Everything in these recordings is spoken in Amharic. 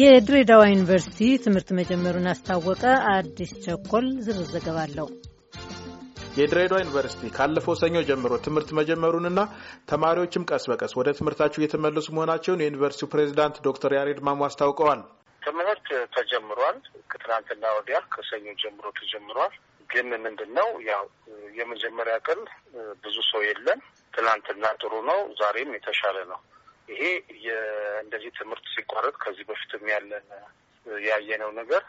የድሬዳዋ ዩኒቨርሲቲ ትምህርት መጀመሩን አስታወቀ። አዲስ ቸኮል ዝርዝር ዘገባ አለው። የድሬዳዋ ዩኒቨርሲቲ ካለፈው ሰኞ ጀምሮ ትምህርት መጀመሩንና ተማሪዎችም ቀስ በቀስ ወደ ትምህርታቸው እየተመለሱ መሆናቸውን የዩኒቨርሲቲው ፕሬዚዳንት ዶክተር ያሬድ ማሙ አስታውቀዋል። ትምህርት ተጀምሯል። ከትናንትና ወዲያ ከሰኞ ጀምሮ ተጀምሯል። ግን ምንድን ነው ያው የመጀመሪያ ቀን ብዙ ሰው የለም። ትናንትና ጥሩ ነው፣ ዛሬም የተሻለ ነው። ይሄ እንደዚህ ትምህርት ሲቋረጥ ከዚህ በፊትም ያለን ያየነው ነገር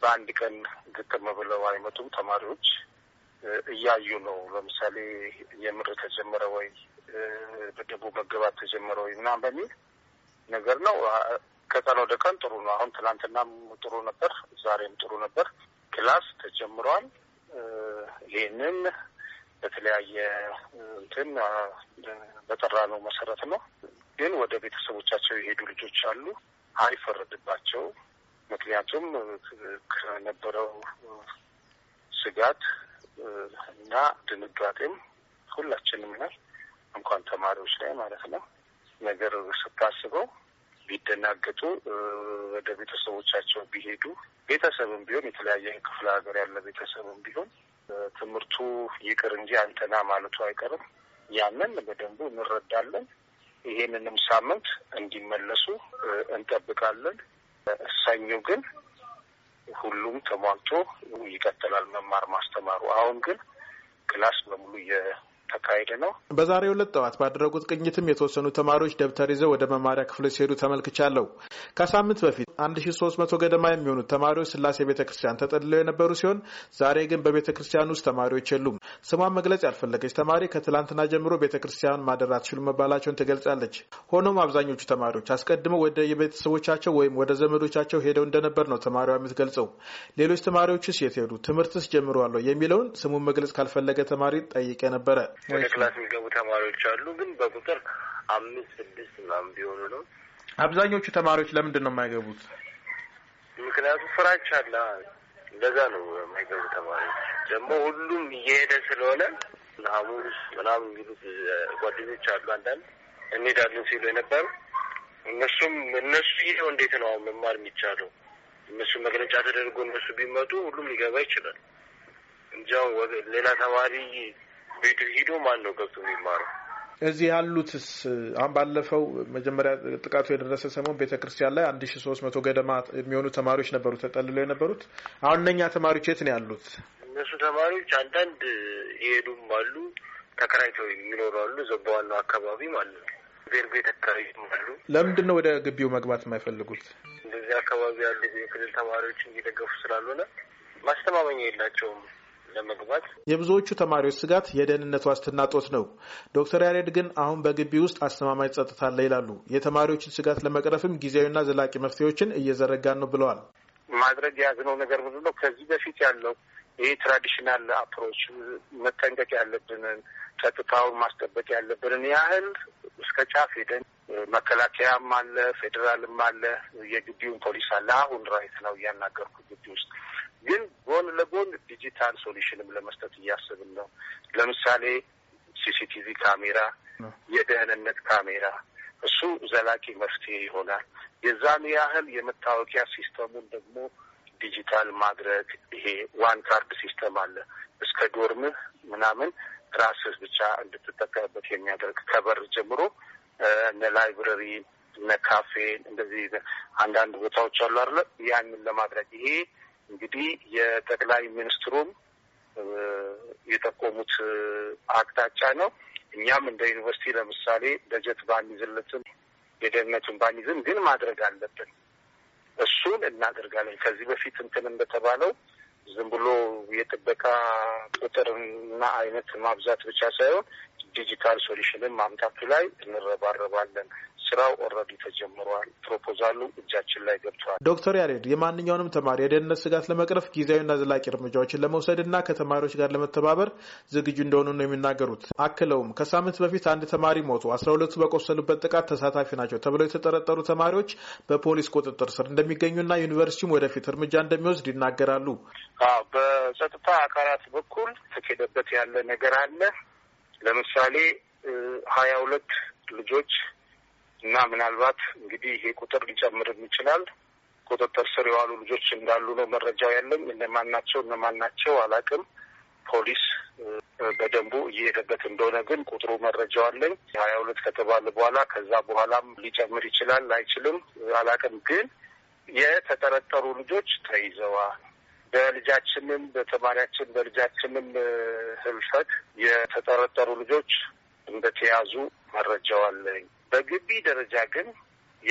በአንድ ቀን ግጥም ብለው አይመጡም ተማሪዎች እያዩ ነው። ለምሳሌ የምር ተጀመረ ወይ በደቡብ መገባት ተጀመረ ወይ ምናምን በሚል ነገር ነው። ከቀን ወደ ቀን ጥሩ ነው። አሁን ትናንትናም ጥሩ ነበር፣ ዛሬም ጥሩ ነበር። ክላስ ተጀምሯል። ይህንን በተለያየ እንትን በጠራ ነው መሰረት ነው ግን ወደ ቤተሰቦቻቸው የሄዱ ልጆች አሉ። አይፈረድባቸው። ምክንያቱም ከነበረው ስጋት እና ድንጋጤም ሁላችንም ነን፣ እንኳን ተማሪዎች ላይ ማለት ነው። ነገር ስታስበው ቢደናገጡ ወደ ቤተሰቦቻቸው ቢሄዱ ቤተሰብም ቢሆን የተለያየ ክፍለ ሀገር ያለ ቤተሰብም ቢሆን ትምህርቱ ይቅር እንጂ አንተና ማለቱ አይቀርም። ያንን በደንቡ እንረዳለን። ይሄንንም ሳምንት እንዲመለሱ እንጠብቃለን። ሰኞ ግን ሁሉም ተሟልቶ ይቀጥላል መማር ማስተማሩ። አሁን ግን ክላስ በሙሉ ተካሄደ ነው። በዛሬው ዕለት ጠዋት ባደረጉት ቅኝትም የተወሰኑ ተማሪዎች ደብተር ይዘው ወደ መማሪያ ክፍሎች ሲሄዱ ተመልክቻለሁ። ከሳምንት በፊት አንድ ሺ ሶስት መቶ ገደማ የሚሆኑት ተማሪዎች ስላሴ ቤተ ክርስቲያን ተጠልለው የነበሩ ሲሆን ዛሬ ግን በቤተ ክርስቲያን ውስጥ ተማሪዎች የሉም። ስሟን መግለጽ ያልፈለገች ተማሪ ከትላንትና ጀምሮ ቤተ ክርስቲያን ማደር አትችሉ መባላቸውን ትገልጻለች። ሆኖም አብዛኞቹ ተማሪዎች አስቀድመው ወደ የቤተሰቦቻቸው ወይም ወደ ዘመዶቻቸው ሄደው እንደነበር ነው ተማሪዋ የምትገልጸው። ሌሎች ተማሪዎችስ የት ሄዱ? ትምህርትስ ጀምረዋል የሚለውን ስሙን መግለጽ ካልፈለገ ተማሪ ጠይቄ ነበረ። ወደ ክላስ የሚገቡ ተማሪዎች አሉ፣ ግን በቁጥር አምስት ስድስት ምናምን ቢሆኑ ነው። አብዛኞቹ ተማሪዎች ለምንድን ነው የማይገቡት? ምክንያቱ ፍራች አለ። እንደዛ ነው የማይገቡ ተማሪዎች። ደግሞ ሁሉም እየሄደ ስለሆነ ሐሙስ ምናምን የሚሉት ጓደኞች አሉ። አንዳንድ እንሄዳለን ሲሉ የነበሩ እነሱም እነሱ ይሄው እንዴት ነው አሁን መማር የሚቻለው? እነሱ መግለጫ ተደርጎ እነሱ ቢመጡ ሁሉም ሊገባ ይችላል እንጃው ሌላ ተማሪ ቤት ሂዶ ማን ነው ገብቶ የሚማረው? እዚህ ያሉትስ አሁን ባለፈው መጀመሪያ ጥቃቱ የደረሰ ሰሞን ቤተክርስቲያን ላይ አንድ ሺ ሶስት መቶ ገደማ የሚሆኑ ተማሪዎች ነበሩ ተጠልለው የነበሩት። አሁን እነኛ ተማሪዎች የት ነው ያሉት? እነሱ ተማሪዎች አንዳንድ የሄዱም አሉ፣ ተከራይተው የሚኖሩ አሉ። እዛው በዋናው አካባቢ ማለት ነው ቤር ቤት አካባቢ አሉ። ለምንድን ነው ወደ ግቢው መግባት የማይፈልጉት? እንደዚህ አካባቢ ያሉ የክልል ተማሪዎች እየደገፉ ስላልሆነ ማስተማመኛ የላቸውም። ለመግባት የብዙዎቹ ተማሪዎች ስጋት የደህንነት ዋስትና ጦት ነው። ዶክተር ያሬድ ግን አሁን በግቢ ውስጥ አስተማማኝ ጸጥታ አለ ይላሉ። የተማሪዎችን ስጋት ለመቅረፍም ጊዜያዊና ዘላቂ መፍትሄዎችን እየዘረጋን ነው ብለዋል። ማድረግ የያዝነው ነገር ምንድን ነው? ከዚህ በፊት ያለው ይህ ትራዲሽናል አፕሮች መጠንቀቅ ያለብንን ጸጥታውን ማስጠበቅ ያለብንን ያህል እስከ ጫፍ ሄደን መከላከያም አለ፣ ፌዴራልም አለ፣ የግቢውን ፖሊስ አለ። አሁን ራይት ነው እያናገርኩ ግቢ ውስጥ ግን ጎን ለጎን ዲጂታል ሶሉሽንም ለመስጠት እያስብን ነው። ለምሳሌ ሲሲቲቪ ካሜራ፣ የደህንነት ካሜራ እሱ ዘላቂ መፍትሄ ይሆናል። የዛን ያህል የመታወቂያ ሲስተሙን ደግሞ ዲጂታል ማድረግ ይሄ ዋን ካርድ ሲስተም አለ እስከ ዶርምህ ምናምን ራስህ ብቻ እንድትጠቀምበት የሚያደርግ ከበር ጀምሮ እነ ላይብረሪ እነ ካፌ እንደዚህ አንዳንድ ቦታዎች አሉ አለ ያንን ለማድረግ ይሄ እንግዲህ የጠቅላይ ሚኒስትሩም የጠቆሙት አቅጣጫ ነው። እኛም እንደ ዩኒቨርሲቲ ለምሳሌ በጀት ባንይዝለትም የደህንነቱን ባንይዝም ግን ማድረግ አለብን። እሱን እናደርጋለን። ከዚህ በፊት እንትን እንደተባለው ዝም ብሎ የጥበቃ ቁጥርና አይነት ማብዛት ብቻ ሳይሆን ዲጂታል ሶሉሽንን ማምጣቱ ላይ እንረባረባለን። ስራው ኦልሬዲ ተጀምሯል። ፕሮፖዛሉ እጃችን ላይ ገብቷል። ዶክተር ያሬድ የማንኛውንም ተማሪ የደህንነት ስጋት ለመቅረፍ ጊዜያዊና ዘላቂ እርምጃዎችን ለመውሰድ እና ከተማሪዎች ጋር ለመተባበር ዝግጁ እንደሆኑ ነው የሚናገሩት። አክለውም ከሳምንት በፊት አንድ ተማሪ ሞቱ፣ አስራ ሁለቱ በቆሰሉበት ጥቃት ተሳታፊ ናቸው ተብለው የተጠረጠሩ ተማሪዎች በፖሊስ ቁጥጥር ስር እንደሚገኙና ዩኒቨርሲቲውም ወደፊት እርምጃ እንደሚወስድ ይናገራሉ። በጸጥታ አካላት በኩል ተኬደበት ያለ ነገር አለ። ለምሳሌ ሀያ ሁለት ልጆች እና ምናልባት እንግዲህ ይሄ ቁጥር ሊጨምርም ይችላል። ቁጥጥር ስር የዋሉ ልጆች እንዳሉ ነው መረጃው ያለኝ። እነማን ናቸው እነማን ናቸው አላቅም። ፖሊስ በደንቡ እየሄደበት እንደሆነ ግን ቁጥሩ መረጃው አለኝ። ሀያ ሁለት ከተባለ በኋላ ከዛ በኋላም ሊጨምር ይችላል አይችልም አላቅም። ግን የተጠረጠሩ ልጆች ተይዘዋል። በልጃችንም በተማሪያችን በልጃችንም ህልፈት የተጠረጠሩ ልጆች እንደተያዙ መረጃው አለኝ። በግቢ ደረጃ ግን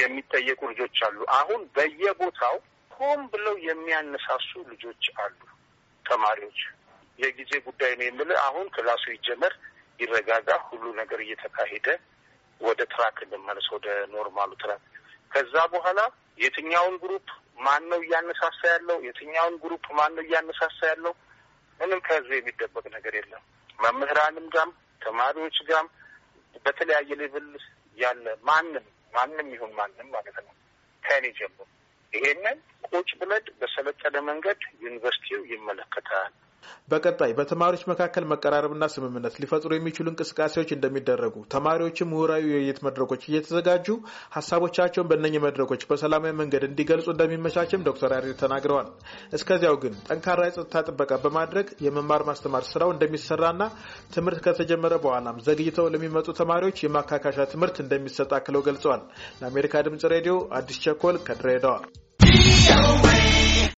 የሚጠየቁ ልጆች አሉ። አሁን በየቦታው ሆን ብለው የሚያነሳሱ ልጆች አሉ። ተማሪዎች የጊዜ ጉዳይ ነው የምልህ። አሁን ክላሱ ይጀመር፣ ይረጋጋ፣ ሁሉ ነገር እየተካሄደ ወደ ትራክ እንመለስ፣ ወደ ኖርማሉ ትራክ። ከዛ በኋላ የትኛውን ግሩፕ ማን ነው እያነሳሳ ያለው? የትኛውን ግሩፕ ማን ነው እያነሳሳ ያለው? ምንም ከህዝብ የሚደበቅ ነገር የለም። መምህራንም ጋም ተማሪዎች ጋም በተለያየ ሌቭል ያለ ማንም ማንም ይሁን ማንም ማለት ነው ከኔ ጀምሮ ይሄንን ቁጭ ብለድ በሰለጠነ መንገድ ዩኒቨርሲቲው ይመለከታል። በቀጣይ በተማሪዎች መካከል መቀራረብና ስምምነት ሊፈጥሩ የሚችሉ እንቅስቃሴዎች እንደሚደረጉ ተማሪዎችም ምሁራዊ የውይይት መድረኮች እየተዘጋጁ ሀሳቦቻቸውን በእነኚህ መድረኮች በሰላማዊ መንገድ እንዲገልጹ እንደሚመቻችም ዶክተር ያሬድ ተናግረዋል። እስከዚያው ግን ጠንካራ የጸጥታ ጥበቃ በማድረግ የመማር ማስተማር ስራው እንደሚሰራና ትምህርት ከተጀመረ በኋላም ዘግይተው ለሚመጡ ተማሪዎች የማካካሻ ትምህርት እንደሚሰጥ አክለው ገልጸዋል። ለአሜሪካ ድምጽ ሬዲዮ አዲስ ቸኮል ከድሬዳዋ